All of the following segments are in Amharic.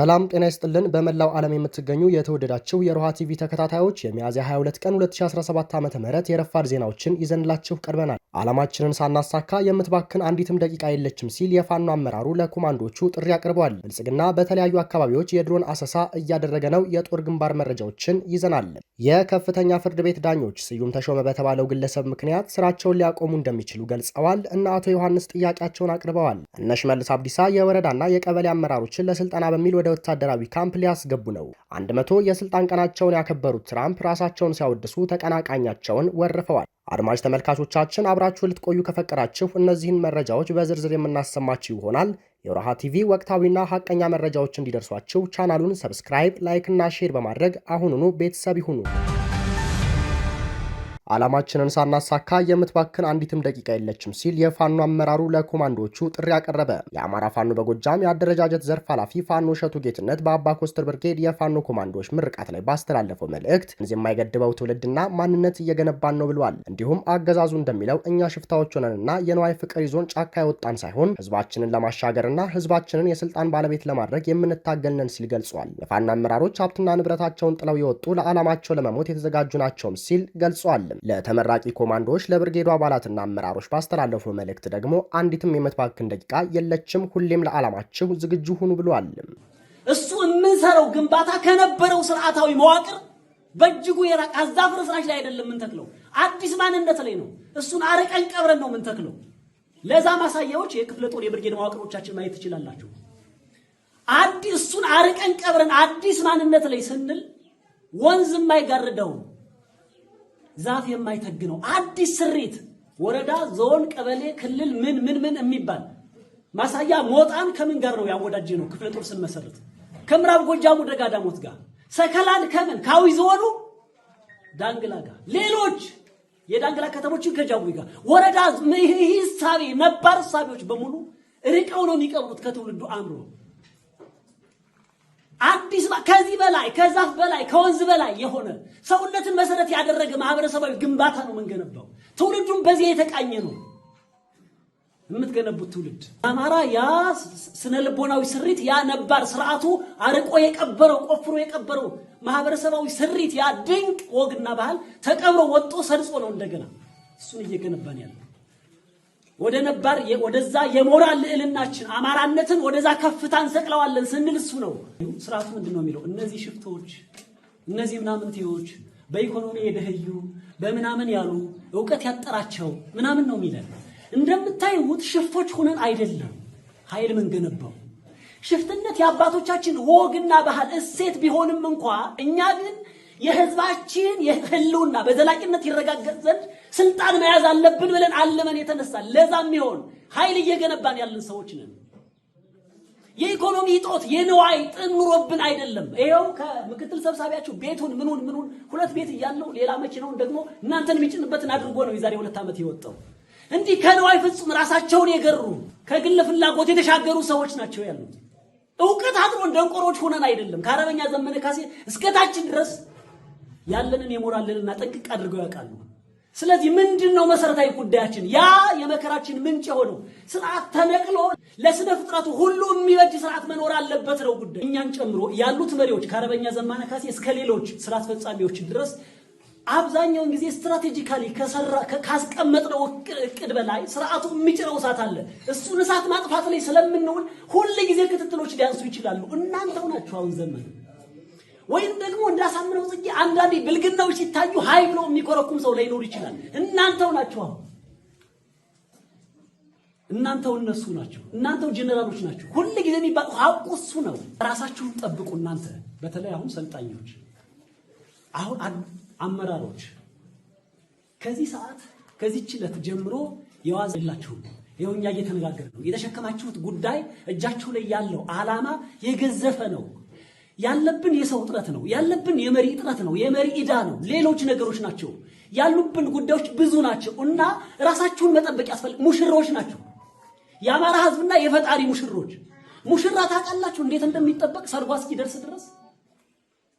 ሰላም ጤና ይስጥልን። በመላው ዓለም የምትገኙ የተወደዳችሁ የሮሃ ቲቪ ተከታታዮች የሚያዝያ 22 ቀን 2017 ዓ ም የረፋድ ዜናዎችን ይዘንላችሁ ቀርበናል። ዓላማችንን ሳናሳካ የምትባክን አንዲትም ደቂቃ የለችም ሲል የፋኖ አመራሩ ለኮማንዶቹ ጥሪ አቅርበዋል። ብልጽግና በተለያዩ አካባቢዎች የድሮን አሰሳ እያደረገ ነው። የጦር ግንባር መረጃዎችን ይዘናል። የከፍተኛ ፍርድ ቤት ዳኞች ስዩም ተሾመ በተባለው ግለሰብ ምክንያት ስራቸውን ሊያቆሙ እንደሚችሉ ገልጸዋል እና አቶ ዮሐንስ ጥያቄያቸውን አቅርበዋል። እነ ሽመልስ አብዲሳ የወረዳና የቀበሌ አመራሮችን ለስልጠና በሚል ወደ ወታደራዊ ካምፕ ሊያስገቡ ነው። አንድ መቶ የስልጣን ቀናቸውን ያከበሩት ትራምፕ ራሳቸውን ሲያወድሱ ተቀናቃኛቸውን ወርፈዋል። አድማጭ ተመልካቾቻችን አብራችሁ ልትቆዩ ከፈቀዳችሁ እነዚህን መረጃዎች በዝርዝር የምናሰማችሁ ይሆናል። የሮሃ ቲቪ ወቅታዊና ሀቀኛ መረጃዎች እንዲደርሷችሁ ቻናሉን ሰብስክራይብ፣ ላይክ እና ሼር በማድረግ አሁኑኑ ቤተሰብ ይሁኑ። ዓላማችንን ሳናሳካ የምትባክን አንዲትም ደቂቃ የለችም ሲል የፋኖ አመራሩ ለኮማንዶቹ ጥሪ አቀረበ። የአማራ ፋኖ በጎጃም የአደረጃጀት ዘርፍ ኃላፊ ፋኖ እሸቱ ጌትነት በአባ ኮስተር ብርጌድ የፋኖ ኮማንዶዎች ምርቃት ላይ ባስተላለፈው መልእክት እንዚ የማይገድበው ትውልድና ማንነት እየገነባን ነው ብሏል። እንዲሁም አገዛዙ እንደሚለው እኛ ሽፍታዎች ሆነንና የነዋይ ፍቅር ይዞን ጫካ የወጣን ሳይሆን ህዝባችንን ለማሻገርና ህዝባችንን የስልጣን ባለቤት ለማድረግ የምንታገልነን ሲል ገልጿል። የፋኖ አመራሮች ሀብትና ንብረታቸውን ጥለው የወጡ ለዓላማቸው ለመሞት የተዘጋጁ ናቸውም ሲል ገልጿል። ለተመራቂ ኮማንዶዎች ለብርጌዱ አባላትና አመራሮች ባስተላለፈው መልእክት ደግሞ አንዲትም የመትባክን ደቂቃ የለችም፣ ሁሌም ለዓላማችሁ ዝግጁ ሁኑ ብሏል። እሱ የምንሰራው ግንባታ ከነበረው ስርዓታዊ መዋቅር በእጅጉ የራቀ አዛፍ ፍርስራሽ ላይ አይደለም የምንተክለው፣ አዲስ ማንነት ላይ ነው። እሱን አርቀን ቀብረን ነው የምንተክለው። ለዛ ማሳያዎች የክፍለ ጦር የብርጌድ መዋቅሮቻችን ማየት ትችላላችሁ። አዲስ እሱን አርቀን ቀብረን አዲስ ማንነት ላይ ስንል ወንዝ የማይጋርደው ዛፍ የማይተግ ነው። አዲስ ስሪት ወረዳ፣ ዞን፣ ቀበሌ፣ ክልል ምን ምን ምን የሚባል ማሳያ ሞጣን ከምን ጋር ነው ያወዳጀ ነው? ክፍለ ጦር ስመሰረት ከምዕራብ ጎጃሙ ደጋዳ ሞት ጋር፣ ሰከላን ከምን ካዊ ዞኑ ዳንግላ ጋር፣ ሌሎች የዳንግላ ከተሞችን ከጃዊ ጋር ወረዳ ይህ ሳቢ ነባር ሳቢዎች በሙሉ ርቀው ነው የሚቀብሩት ከትውልዱ አእምሮ አዲስ ከዚህ በላይ ከዛፍ በላይ ከወንዝ በላይ የሆነ ሰውነትን መሰረት ያደረገ ማህበረሰባዊ ግንባታ ነው የምንገነባው። ትውልዱን በዚያ የተቃኘ ነው የምትገነቡት ትውልድ። አማራ ያ ስነ ልቦናዊ ስሪት፣ ያ ነባር ስርዓቱ አርቆ የቀበረው ቆፍሮ የቀበረው ማህበረሰባዊ ስሪት፣ ያ ድንቅ ወግና ባህል ተቀብሮ ወጦ ሰርጾ ነው እንደገና እሱን እየገነባን ያለው። ወደ ነባር ወደዛ የሞራል ልዕልናችን አማራነትን ወደዛ ከፍታ እንሰቅለዋለን ስንል እሱ ነው ስርዓቱ። ምንድን ነው የሚለው? እነዚህ ሽፍቶች፣ እነዚህ ምናምንቴዎች፣ በኢኮኖሚ የደህዩ በምናምን ያሉ እውቀት ያጠራቸው ምናምን ነው የሚለን። እንደምታዩት ሽፍቶች ሁነን አይደለም ኃይል ምን ገነባው። ሽፍትነት የአባቶቻችን ወግና ባህል እሴት ቢሆንም እንኳ እኛ ግን የህዝባችን ህልውና በዘላቂነት ይረጋገጥ ዘንድ ስልጣን መያዝ አለብን ብለን አልመን የተነሳ ለዛ የሚሆን ኃይል እየገነባን ያለን ሰዎች ነን። የኢኮኖሚ እጦት የንዋይ ጥኑሮብን አይደለም። ይኸው ከምክትል ሰብሳቢያችሁ ቤቱን ምኑን ምኑን ሁለት ቤት እያለው ሌላ መኪናውን ደግሞ እናንተን የሚጭንበትን አድርጎ ነው የዛሬ ሁለት ዓመት የወጣው። እንዲህ ከንዋይ ፍጹም ራሳቸውን የገሩ ከግል ፍላጎት የተሻገሩ ሰዎች ናቸው ያሉት። እውቀት አጥሮን ደንቆሮች ሆነን አይደለም። ከአረበኛ ዘመነ ካሴ እስከታችን ድረስ ያለንን የሞራል ልዕልና ጠንቅቅ አድርገው ያውቃሉ። ስለዚህ ምንድን ነው መሰረታዊ ጉዳያችን? ያ የመከራችን ምንጭ የሆነው ስርዓት ተነቅሎ ለስነ ፍጥረቱ ሁሉ የሚበጅ ስርዓት መኖር አለበት ነው ጉዳይ። እኛን ጨምሮ ያሉት መሪዎች ከአርበኛ ዘማነ ካሴ እስከ ሌሎች ስራ አስፈጻሚዎች ድረስ አብዛኛውን ጊዜ ስትራቴጂካሊ ካስቀመጥነው እቅድ በላይ ስርዓቱ የሚጭረው እሳት አለ። እሱን እሳት ማጥፋት ላይ ስለምንውል ሁል ጊዜ ክትትሎች ሊያንሱ ይችላሉ። እናንተው ናችሁ አሁን ዘመን ወይም ደግሞ እንዳሳምነው ጽጌ አንዳንዴ ብልግናዎች ሲታዩ ሀይ ብሎ የሚኮረኩም ሰው ላይኖር ይችላል። እናንተው ናችሁ። አሁን እናንተው እነሱ ናቸው። እናንተው ጀኔራሎች ናቸው። ሁል ጊዜ የሚባለው ሀቁ እሱ ነው። ራሳችሁን ጠብቁ። እናንተ በተለይ አሁን ሰልጣኞች፣ አሁን አመራሮች ከዚህ ሰዓት ከዚህች ዕለት ጀምሮ የዋዛ የላችሁም። ይኸው እኛ ነው። የተሸከማችሁት ጉዳይ እጃችሁ ላይ ያለው አላማ የገዘፈ ነው። ያለብን የሰው እጥረት ነው። ያለብን የመሪ እጥረት ነው። የመሪ ዕዳ ነው። ሌሎች ነገሮች ናቸው። ያሉብን ጉዳዮች ብዙ ናቸው እና ራሳችሁን መጠበቅ ያስፈልግ። ሙሽሮች ናቸው። የአማራ ሕዝብና የፈጣሪ ሙሽሮች። ሙሽራ ታውቃላችሁ እንዴት እንደሚጠበቅ ሰርጓ እስኪደርስ ድረስ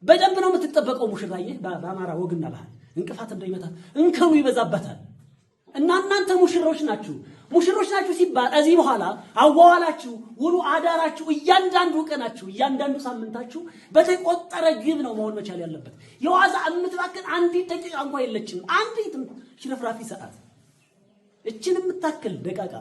በደንብ ነው የምትጠበቀው። ሙሽራ ይህ በአማራ ወግና ባህል እንቅፋት እንደሚመታት እንከኑ ይበዛበታል እና እናንተ ሙሽሮች ናችሁ። ሙሽሮች ናችሁ ሲባል ከዚህ በኋላ አዋዋላችሁ፣ ውሉ አዳራችሁ፣ እያንዳንዱ ቀናችሁ፣ እያንዳንዱ ሳምንታችሁ በተቆጠረ ግብ ነው መሆን መቻል ያለበት። የዋዛ የምትባክን አንዲት ደቂቃ እንኳ የለችም። አንዲት ሽረፍራፊ ሰዓት እችን የምታክል ደቃቃ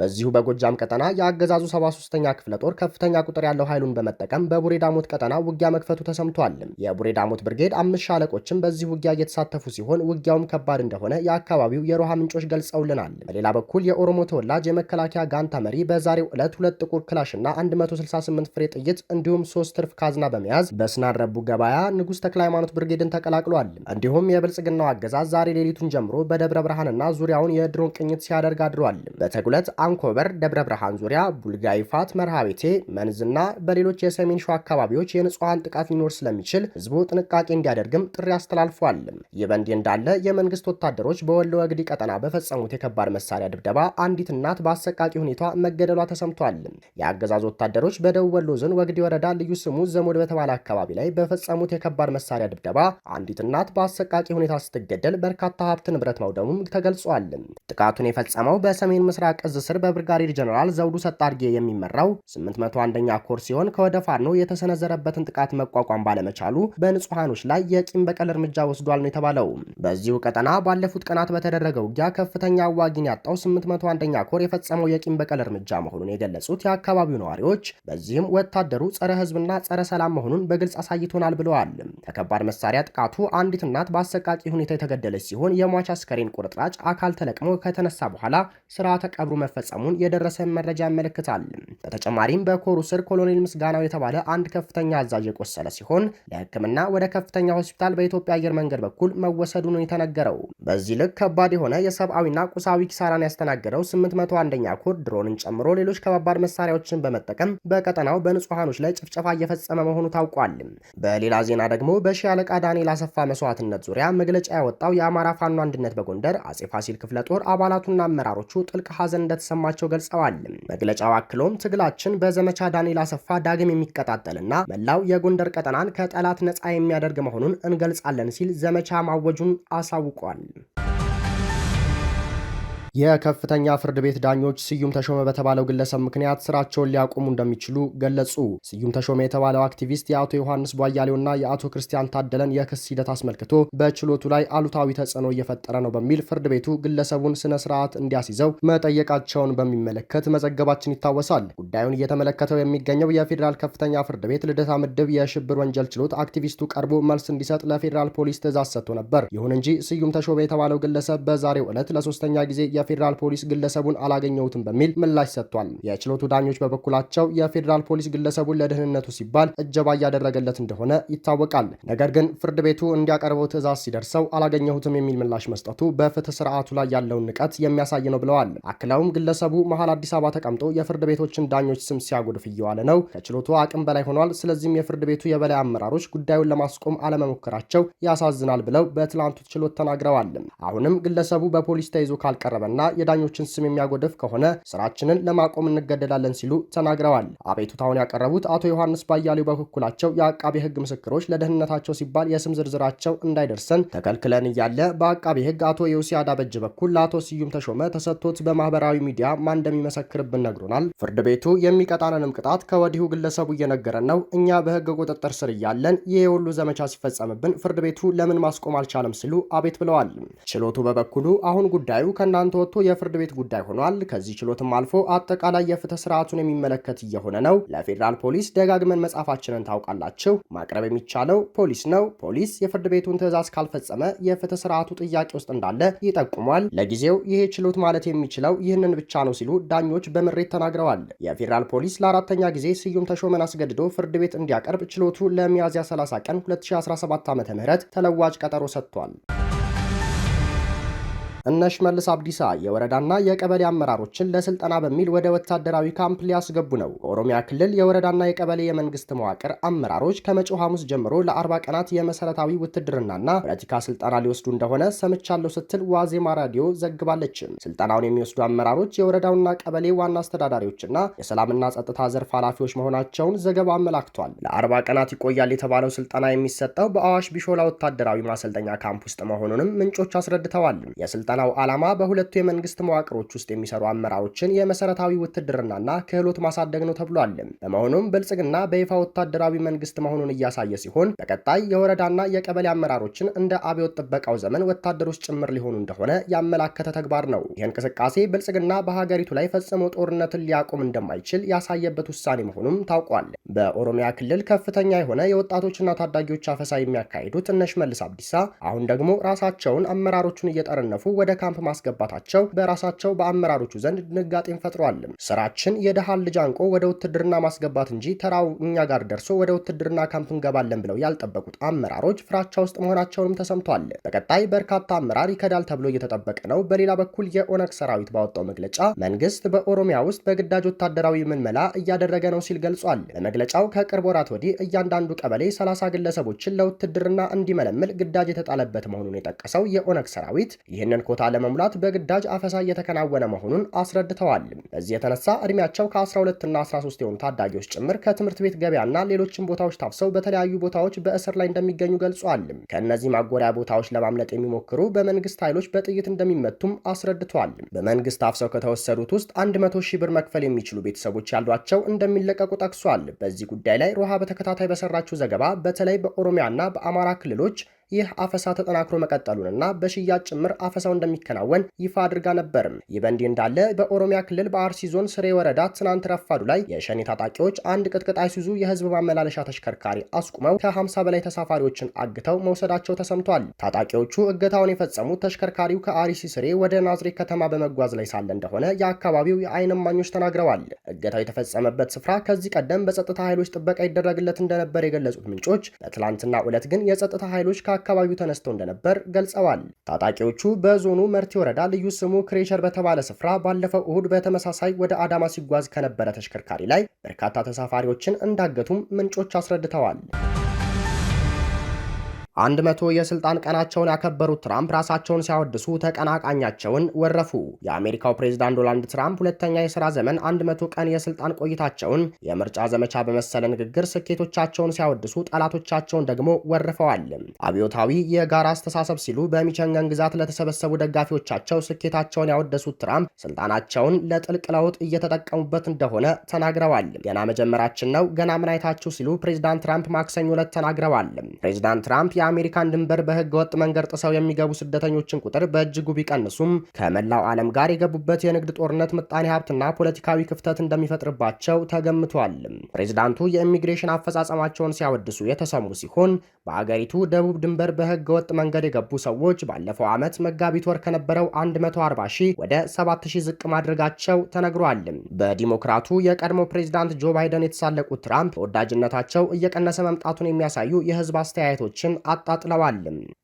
በዚሁ በጎጃም ቀጠና የአገዛዙ 73ኛ ክፍለ ጦር ከፍተኛ ቁጥር ያለው ኃይሉን በመጠቀም በቡሬ ዳሞት ቀጠና ውጊያ መክፈቱ ተሰምቷል። የቡሬ ዳሞት ብርጌድ አምስት ሻለቆችም በዚህ ውጊያ እየተሳተፉ ሲሆን ውጊያውም ከባድ እንደሆነ የአካባቢው የሮሃ ምንጮች ገልጸውልናል። በሌላ በኩል የኦሮሞ ተወላጅ የመከላከያ ጋንታ መሪ በዛሬው ዕለት ሁለት ጥቁር ክላሽና 168 ፍሬ ጥይት እንዲሁም ሶስት ትርፍ ካዝና በመያዝ በስናረቡ ገበያ ንጉሥ ተክለ ሃይማኖት ብርጌድን ተቀላቅሏል። እንዲሁም የብልጽግናው አገዛዝ ዛሬ ሌሊቱን ጀምሮ በደብረ ብርሃንና ዙሪያውን የድሮን ቅኝት ሲያደርግ አድሯል። በተጉለት አንኮበር፣ ደብረ ብርሃን ዙሪያ፣ ቡልጋ ይፋት፣ መርሃቤቴ፣ መንዝና በሌሎች የሰሜን ሸዋ አካባቢዎች የንጹሐን ጥቃት ሊኖር ስለሚችል ህዝቡ ጥንቃቄ እንዲያደርግም ጥሪ አስተላልፏል። ይህ በእንዲህ እንዳለ የመንግስት ወታደሮች በወሎ ወግዲ ቀጠና በፈጸሙት የከባድ መሳሪያ ድብደባ አንዲት እናት በአሰቃቂ ሁኔታ መገደሏ ተሰምቷል። የአገዛዙ ወታደሮች በደቡብ ወሎ ዞን ወግዲ ወረዳ ልዩ ስሙ ዘሞድ በተባለ አካባቢ ላይ በፈጸሙት የከባድ መሳሪያ ድብደባ አንዲት እናት በአሰቃቂ ሁኔታ ስትገደል በርካታ ሀብት ንብረት መውደሙም ተገልጿል። ጥቃቱን የፈጸመው በሰሜን ምስራቅ እዝ ስር በብርጋዴር ጀነራል ዘውዱ ሰጣርጌ የሚመራው 801ኛ ኮር ሲሆን ከወደ ፋኖ የተሰነዘረበትን ጥቃት መቋቋም ባለመቻሉ በንጹሐኖች ላይ የቂም በቀል እርምጃ ወስዷል ነው የተባለው። በዚሁ ቀጠና ባለፉት ቀናት በተደረገው ውጊያ ከፍተኛ አዋጊን ያጣው 801ኛ ኮር የፈጸመው የቂም በቀል እርምጃ መሆኑን የገለጹት የአካባቢው ነዋሪዎች፣ በዚህም ወታደሩ ጸረ ህዝብና ጸረ ሰላም መሆኑን በግልጽ አሳይቶናል ብለዋል። ከከባድ መሳሪያ ጥቃቱ አንዲት እናት በአሰቃቂ ሁኔታ የተገደለች ሲሆን የሟች አስከሬን ቁርጥራጭ አካል ተለቅሞ ከተነሳ በኋላ ስርዓተ ቀብሩ መፈጸ መፈጸሙን የደረሰ መረጃ ያመለክታል። በተጨማሪም በኮሩ ስር ኮሎኔል ምስጋናው የተባለ አንድ ከፍተኛ አዛዥ የቆሰለ ሲሆን ለሕክምና ወደ ከፍተኛ ሆስፒታል በኢትዮጵያ አየር መንገድ በኩል መወሰዱን የተነገረው። በዚህ ልክ ከባድ የሆነ የሰብአዊና ቁሳዊ ኪሳራን ያስተናገደው 801ኛ ኮር ድሮንን ጨምሮ ሌሎች ከባባድ መሳሪያዎችን በመጠቀም በቀጠናው በንጹሐኖች ላይ ጭፍጨፋ እየፈጸመ መሆኑ ታውቋል። በሌላ ዜና ደግሞ በሺ አለቃ ዳንኤል አሰፋ መስዋዕትነት ዙሪያ መግለጫ ያወጣው የአማራ ፋኖ አንድነት በጎንደር አጼ ፋሲል ክፍለ ጦር አባላቱና አመራሮቹ ጥልቅ ሀዘን እንደተሰማ እንደተሰማቸው ገልጸዋል። መግለጫው አክሎም ትግላችን በዘመቻ ዳንኤል አሰፋ ዳግም የሚቀጣጠልና መላው የጎንደር ቀጠናን ከጠላት ነፃ የሚያደርግ መሆኑን እንገልጻለን ሲል ዘመቻ ማወጁን አሳውቋል። የከፍተኛ ፍርድ ቤት ዳኞች ስዩም ተሾመ በተባለው ግለሰብ ምክንያት ስራቸውን ሊያቆሙ እንደሚችሉ ገለጹ። ስዩም ተሾመ የተባለው አክቲቪስት የአቶ ዮሐንስ ቧያሌውና የአቶ ክርስቲያን ታደለን የክስ ሂደት አስመልክቶ በችሎቱ ላይ አሉታዊ ተጽዕኖ እየፈጠረ ነው በሚል ፍርድ ቤቱ ግለሰቡን ስነ ስርዓት እንዲያስይዘው መጠየቃቸውን በሚመለከት መዘገባችን ይታወሳል። ጉዳዩን እየተመለከተው የሚገኘው የፌዴራል ከፍተኛ ፍርድ ቤት ልደታ ምድብ የሽብር ወንጀል ችሎት አክቲቪስቱ ቀርቦ መልስ እንዲሰጥ ለፌዴራል ፖሊስ ትዕዛዝ ሰጥቶ ነበር። ይሁን እንጂ ስዩም ተሾመ የተባለው ግለሰብ በዛሬው ዕለት ለሶስተኛ ጊዜ የፌዴራል ፖሊስ ግለሰቡን አላገኘሁትም በሚል ምላሽ ሰጥቷል። የችሎቱ ዳኞች በበኩላቸው የፌዴራል ፖሊስ ግለሰቡን ለደህንነቱ ሲባል እጀባ እያደረገለት እንደሆነ ይታወቃል። ነገር ግን ፍርድ ቤቱ እንዲያቀርበው ትዕዛዝ ሲደርሰው አላገኘሁትም የሚል ምላሽ መስጠቱ በፍትህ ስርዓቱ ላይ ያለውን ንቀት የሚያሳይ ነው ብለዋል። አክለውም ግለሰቡ መሀል አዲስ አበባ ተቀምጦ የፍርድ ቤቶችን ዳኞች ስም ሲያጎድፍ እየዋለ ነው፣ ከችሎቱ አቅም በላይ ሆኗል። ስለዚህም የፍርድ ቤቱ የበላይ አመራሮች ጉዳዩን ለማስቆም አለመሞከራቸው ያሳዝናል ብለው በትላንቱ ችሎት ተናግረዋል። አሁንም ግለሰቡ በፖሊስ ተይዞ ካልቀረበ ያልተከበረና የዳኞችን ስም የሚያጎድፍ ከሆነ ስራችንን ለማቆም እንገደዳለን ሲሉ ተናግረዋል። አቤቱታውን ያቀረቡት አቶ ዮሐንስ ባያሌው በበኩላቸው የአቃቤ ሕግ ምስክሮች ለደህንነታቸው ሲባል የስም ዝርዝራቸው እንዳይደርሰን ተከልክለን እያለ በአቃቤ ሕግ አቶ የውሲያድ አበጅ በኩል ለአቶ ስዩም ተሾመ ተሰጥቶት በማህበራዊ ሚዲያ ማን እንደሚመሰክርብን ነግሮናል። ፍርድ ቤቱ የሚቀጣንንም ቅጣት ከወዲሁ ግለሰቡ እየነገረን ነው። እኛ በህግ ቁጥጥር ስር እያለን ይህ የሁሉ ዘመቻ ሲፈጸምብን ፍርድ ቤቱ ለምን ማስቆም አልቻለም ሲሉ አቤት ብለዋል። ችሎቱ በበኩሉ አሁን ጉዳዩ ከእናንተ ወጥቶ የፍርድ ቤት ጉዳይ ሆኗል። ከዚህ ችሎትም አልፎ አጠቃላይ የፍትህ ስርዓቱን የሚመለከት እየሆነ ነው። ለፌዴራል ፖሊስ ደጋግመን መጻፋችንን ታውቃላችሁ። ማቅረብ የሚቻለው ፖሊስ ነው። ፖሊስ የፍርድ ቤቱን ትዕዛዝ ካልፈጸመ የፍትህ ስርዓቱ ጥያቄ ውስጥ እንዳለ ይጠቁሟል። ለጊዜው ይሄ ችሎት ማለት የሚችለው ይህንን ብቻ ነው ሲሉ ዳኞች በምሬት ተናግረዋል። የፌዴራል ፖሊስ ለአራተኛ ጊዜ ስዩም ተሾመን አስገድዶ ፍርድ ቤት እንዲያቀርብ ችሎቱ ለሚያዝያ 30 ቀን 2017 ዓ.ም ተለዋጭ ቀጠሮ ሰጥቷል። እነ ሽመልስ አብዲሳ የወረዳና የቀበሌ አመራሮችን ለስልጠና በሚል ወደ ወታደራዊ ካምፕ ሊያስገቡ ነው። በኦሮሚያ ክልል የወረዳና የቀበሌ የመንግስት መዋቅር አመራሮች ከመጪው ሐሙስ ጀምሮ ለአርባ ቀናት የመሰረታዊ ውትድርናና ፖለቲካ ስልጠና ሊወስዱ እንደሆነ ሰምቻለሁ ስትል ዋዜማ ራዲዮ ዘግባለችም። ስልጠናውን የሚወስዱ አመራሮች የወረዳውና ቀበሌ ዋና አስተዳዳሪዎችና የሰላምና ጸጥታ ዘርፍ ኃላፊዎች መሆናቸውን ዘገባ አመላክቷል። ለአርባ ቀናት ይቆያል የተባለው ስልጠና የሚሰጠው በአዋሽ ቢሾላ ወታደራዊ ማሰልጠኛ ካምፕ ውስጥ መሆኑንም ምንጮች አስረድተዋል። የስልጠናው ዓላማ በሁለቱ የመንግስት መዋቅሮች ውስጥ የሚሰሩ አመራሮችን የመሰረታዊ ውትድርናና ክህሎት ማሳደግ ነው ተብሏል። በመሆኑም ብልጽግና በይፋ ወታደራዊ መንግስት መሆኑን እያሳየ ሲሆን በቀጣይ የወረዳና የቀበሌ አመራሮችን እንደ አብዮት ጥበቃው ዘመን ወታደሮች ጭምር ሊሆኑ እንደሆነ ያመላከተ ተግባር ነው። ይህ እንቅስቃሴ ብልጽግና በሀገሪቱ ላይ ፈጽሞ ጦርነትን ሊያቆም እንደማይችል ያሳየበት ውሳኔ መሆኑም ታውቋል። በኦሮሚያ ክልል ከፍተኛ የሆነ የወጣቶችና ታዳጊዎች አፈሳ የሚያካሂዱት እነ ሽመልስ አብዲሳ አሁን ደግሞ ራሳቸውን አመራሮቹን እየጠረነፉ ወደ ካምፕ ማስገባታቸው በራሳቸው በአመራሮቹ ዘንድ ድንጋጤን ፈጥሯል። ስራችን የደሃን ልጅ አንቆ ወደ ውትድርና ማስገባት እንጂ ተራው እኛ ጋር ደርሶ ወደ ውትድርና ካምፕ እንገባለን ብለው ያልጠበቁት አመራሮች ፍራቻ ውስጥ መሆናቸውንም ተሰምቷል። በቀጣይ በርካታ አመራር ይከዳል ተብሎ እየተጠበቀ ነው። በሌላ በኩል የኦነግ ሰራዊት ባወጣው መግለጫ መንግስት በኦሮሚያ ውስጥ በግዳጅ ወታደራዊ ምልመላ እያደረገ ነው ሲል ገልጿል። በመግለጫው ከቅርብ ወራት ወዲህ እያንዳንዱ ቀበሌ 30 ግለሰቦችን ለውትድርና እንዲመለምል ግዳጅ የተጣለበት መሆኑን የጠቀሰው የኦነግ ሰራዊት ይህንን ኮታ ለመሙላት በግዳጅ አፈሳ እየተከናወነ መሆኑን አስረድተዋል። በዚህ የተነሳ እድሜያቸው ከ12 እና 13 የሆኑ ታዳጊዎች ጭምር ከትምህርት ቤት ገበያና ሌሎችም ቦታዎች ታፍሰው በተለያዩ ቦታዎች በእስር ላይ እንደሚገኙ ገልጿል። ከእነዚህ ማጎሪያ ቦታዎች ለማምለጥ የሚሞክሩ በመንግስት ኃይሎች በጥይት እንደሚመቱም አስረድተዋል። በመንግስት አፍሰው ከተወሰዱት ውስጥ 100 ሺህ ብር መክፈል የሚችሉ ቤተሰቦች ያሏቸው እንደሚለቀቁ ጠቅሷል። በዚህ ጉዳይ ላይ ሮሃ በተከታታይ በሰራችው ዘገባ በተለይ በኦሮሚያና በአማራ ክልሎች ይህ አፈሳ ተጠናክሮ መቀጠሉንና በሽያጭ ጭምር አፈሳው እንደሚከናወን ይፋ አድርጋ ነበርም። ይህ በእንዲህ እንዳለ በኦሮሚያ ክልል በአርሲ ዞን ስሬ ወረዳ ትናንት ረፋዱ ላይ የሸኔ ታጣቂዎች አንድ ቅጥቅጥ አይሱዙ የህዝብ ማመላለሻ ተሽከርካሪ አስቁመው ከ50 በላይ ተሳፋሪዎችን አግተው መውሰዳቸው ተሰምቷል። ታጣቂዎቹ እገታውን የፈጸሙት ተሽከርካሪው ከአርሲ ስሬ ወደ ናዝሬት ከተማ በመጓዝ ላይ ሳለ እንደሆነ የአካባቢው የአይን እማኞች ተናግረዋል። እገታው የተፈጸመበት ስፍራ ከዚህ ቀደም በጸጥታ ኃይሎች ጥበቃ ይደረግለት እንደነበር የገለጹት ምንጮች በትላንትና ዕለት ግን የጸጥታ ኃይሎች ከአካባቢው ተነስተው እንደነበር ገልጸዋል። ታጣቂዎቹ በዞኑ መርቲ ወረዳ ልዩ ስሙ ክሬሸር በተባለ ስፍራ ባለፈው እሁድ በተመሳሳይ ወደ አዳማ ሲጓዝ ከነበረ ተሽከርካሪ ላይ በርካታ ተሳፋሪዎችን እንዳገቱም ምንጮች አስረድተዋል። አንድ መቶ የስልጣን ቀናቸውን ያከበሩት ትራምፕ ራሳቸውን ሲያወድሱ ተቀናቃኛቸውን ወረፉ። የአሜሪካው ፕሬዝዳንት ዶናልድ ትራምፕ ሁለተኛ የስራ ዘመን አንድ መቶ ቀን የስልጣን ቆይታቸውን የምርጫ ዘመቻ በመሰለ ንግግር ስኬቶቻቸውን ሲያወድሱ፣ ጠላቶቻቸውን ደግሞ ወርፈዋል። አብዮታዊ የጋራ አስተሳሰብ ሲሉ በሚቸንገን ግዛት ለተሰበሰቡ ደጋፊዎቻቸው ስኬታቸውን ያወደሱት ትራምፕ ስልጣናቸውን ለጥልቅ ለውጥ እየተጠቀሙበት እንደሆነ ተናግረዋል። ገና መጀመራችን ነው፣ ገና ምን አይታችሁ ሲሉ ፕሬዝዳንት ትራምፕ ማክሰኞ ዕለት ተናግረዋል። ፕሬዚዳንት ትራምፕ የአሜሪካን ድንበር በህገ ወጥ መንገድ ጥሰው የሚገቡ ስደተኞችን ቁጥር በእጅጉ ቢቀንሱም ከመላው ዓለም ጋር የገቡበት የንግድ ጦርነት ምጣኔ ሀብትና ፖለቲካዊ ክፍተት እንደሚፈጥርባቸው ተገምቷል። ፕሬዚዳንቱ የኢሚግሬሽን አፈጻጸማቸውን ሲያወድሱ የተሰሙ ሲሆን በአገሪቱ ደቡብ ድንበር በህገ ወጥ መንገድ የገቡ ሰዎች ባለፈው ዓመት መጋቢት ወር ከነበረው 140 ሺህ ወደ 7 ሺህ ዝቅ ማድረጋቸው ተነግሯል። በዲሞክራቱ የቀድሞ ፕሬዚዳንት ጆ ባይደን የተሳለቁት ትራምፕ ተወዳጅነታቸው እየቀነሰ መምጣቱን የሚያሳዩ የህዝብ አስተያየቶችን አጣጥለዋል።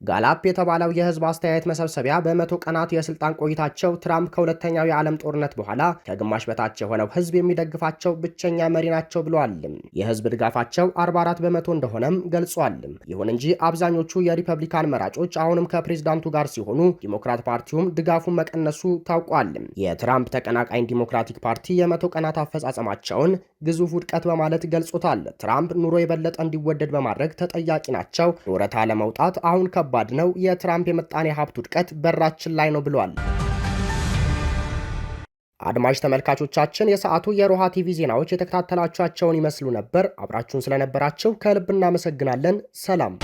ጋላፕ የተባለው የህዝብ አስተያየት መሰብሰቢያ በመቶ ቀናት የስልጣን ቆይታቸው ትራምፕ ከሁለተኛው የዓለም ጦርነት በኋላ ከግማሽ በታች የሆነው ህዝብ የሚደግፋቸው ብቸኛ መሪ ናቸው ብለዋል። የህዝብ ድጋፋቸው 44 በመቶ እንደሆነም ገልጿል። ይሁን እንጂ አብዛኞቹ የሪፐብሊካን መራጮች አሁንም ከፕሬዝዳንቱ ጋር ሲሆኑ፣ ዲሞክራት ፓርቲውም ድጋፉን መቀነሱ ታውቋል። የትራምፕ ተቀናቃኝ ዲሞክራቲክ ፓርቲ የመቶ ቀናት አፈጻጸማቸውን ግዙፍ ውድቀት በማለት ገልጾታል። ትራምፕ ኑሮ የበለጠ እንዲወደድ በማድረግ ተጠያቂ ናቸው ጡረታ ለመውጣት አሁን ከባድ ነው። የትራምፕ የምጣኔ ሀብት ውድቀት በራችን ላይ ነው ብሏል። አድማጭ ተመልካቾቻችን የሰዓቱ የሮሃ ቲቪ ዜናዎች የተከታተላችኋቸውን ይመስሉ ነበር። አብራችሁን ስለነበራችሁ ከልብ እናመሰግናለን። ሰላም